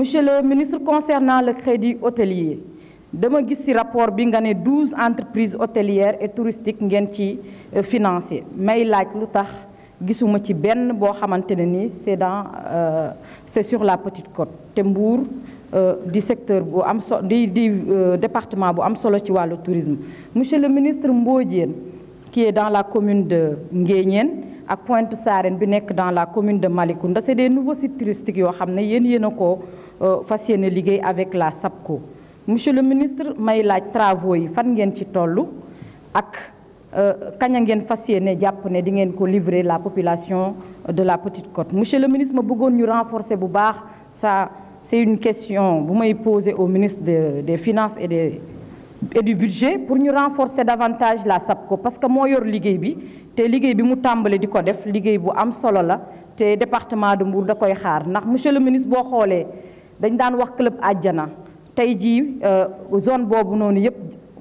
monsieur le ministre concernant le crédit hôtelier dama gis ci rapport bi nga ne douze entreprise hôtelières et touristiques ngeen ci euh, financé may laaj lu tax gisuma ci benn boo xamante ne ni c'est dans euh, c'est sur la petite côte te Mbour euh, di secteur boo am so di di département bu am solo ci wàllu tourisme monsieur le ministre Mbodiène qui est dans la commune de Nguéniène ak Pointe Sarène bi nekk dans la commune de Malicounda c'est des nouveaux sites touristiques yoo xam ne yéen yéen a ko Euh, fas yéene liggéey avec la sab ko monsieur le ministre may laaj travaux yi fan ngeen ci toll ak euh, kañ a ngeen fas yéene jàpp ne di ngeen ko livrer la population de la Petite cote monsieur le ministre ma bëggoon ñu renforcer bu baax sa c'est une question bu may poser au ministre de des finances et des et budget pour ñu renforcer davantage la ko parce que moo yor liggéey bi te liggéey bi mu tàmbali di ko def liggéey bu am solo la te département de Mbour da koy xaar ndax monsieur le ministre boo xoolee dañ daan wax club àjjana tey jii euh, zone boobu noonu yëpp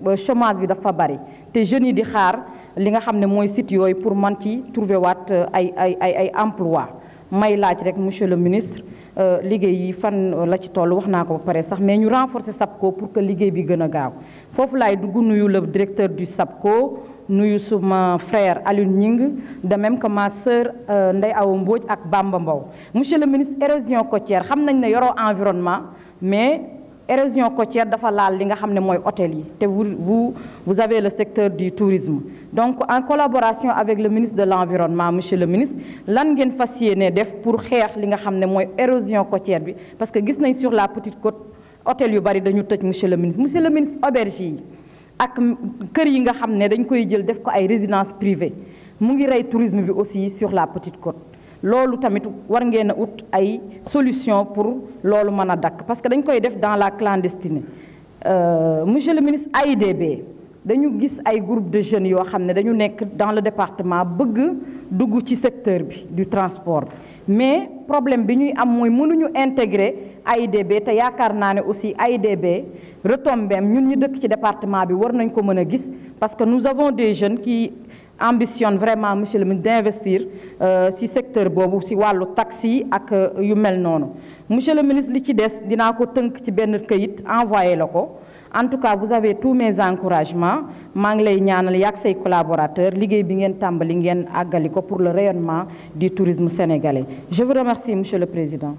euh, chômage bi dafa bari te jeunes yi di xaar li nga xam ne mooy site yooyu pour man ci trouver waat euh, ay ay ay ay emploi may laaj rek monsieur le ministre liggéey yi fan la ci toll wax naa ko ba pare sax mais ñu renforcer ko pour que liggéey bi gën a gaaw foofu lay dugg nuyu la directeur du ko nuyu suma frère Alioune Gningue de même comment ma sœur euh, Ndeye Awa Mbodj ak Bamba Mbow monsieur le ministre érosion côtière xam nañ ne yoroo environnement mais érosion côtière dafa laal li nga xam ne mooy hôtel yi te vous vous vous avez le secteur du tourisme donc en collaboration avec le ministre de l'environnement monsieur le ministre lan ngeen fas yéene def pour xeex li nga xam ne mooy érosion côtière bi parce que gis nañ sur la petite côte hôtel yu bari dañu tëj monsieur le ministre monsieur le ministre auberge yi ak kër yi nga xam ne dañ koy jël def ko ay résidence privée mu ngi rey tourisme bi aussi sur la petite côte loolu tamit war ngeen a ut ay solution pour loolu mën a dakk parce que dañ koy def dans la clandestine euh, monsieur le ministre AIDB dañu gis ay groupe de jeunes yoo xam ne dañu nekk dans le département bëgg dugg ci secteur bi du transport bi mais problème bi ñuy am mooy mënuñu intégrer AIDB te yaakaar naa ne aussi AIDB retombeem ñun ñu dëkk ci département bi war nañ ko mën a gis parce que nous avons des jeunes qui ambitionnent vraiment monsieur le ministre d'investir ci euh, secteur boobu ci wàllu taxi ak euh, yu mel noonu monsieur le ministre li ci des dinaa ko tënk ci benn kayit envoyé la ko en tout cas vous avez tout mais encouragement maa ngi lay ñaanal ak say collaborateur liggéey bi ngeen tàmbali ngeen àggali ko pour le rayonnement du tourisme sénégalais je vous remercie monsieur le président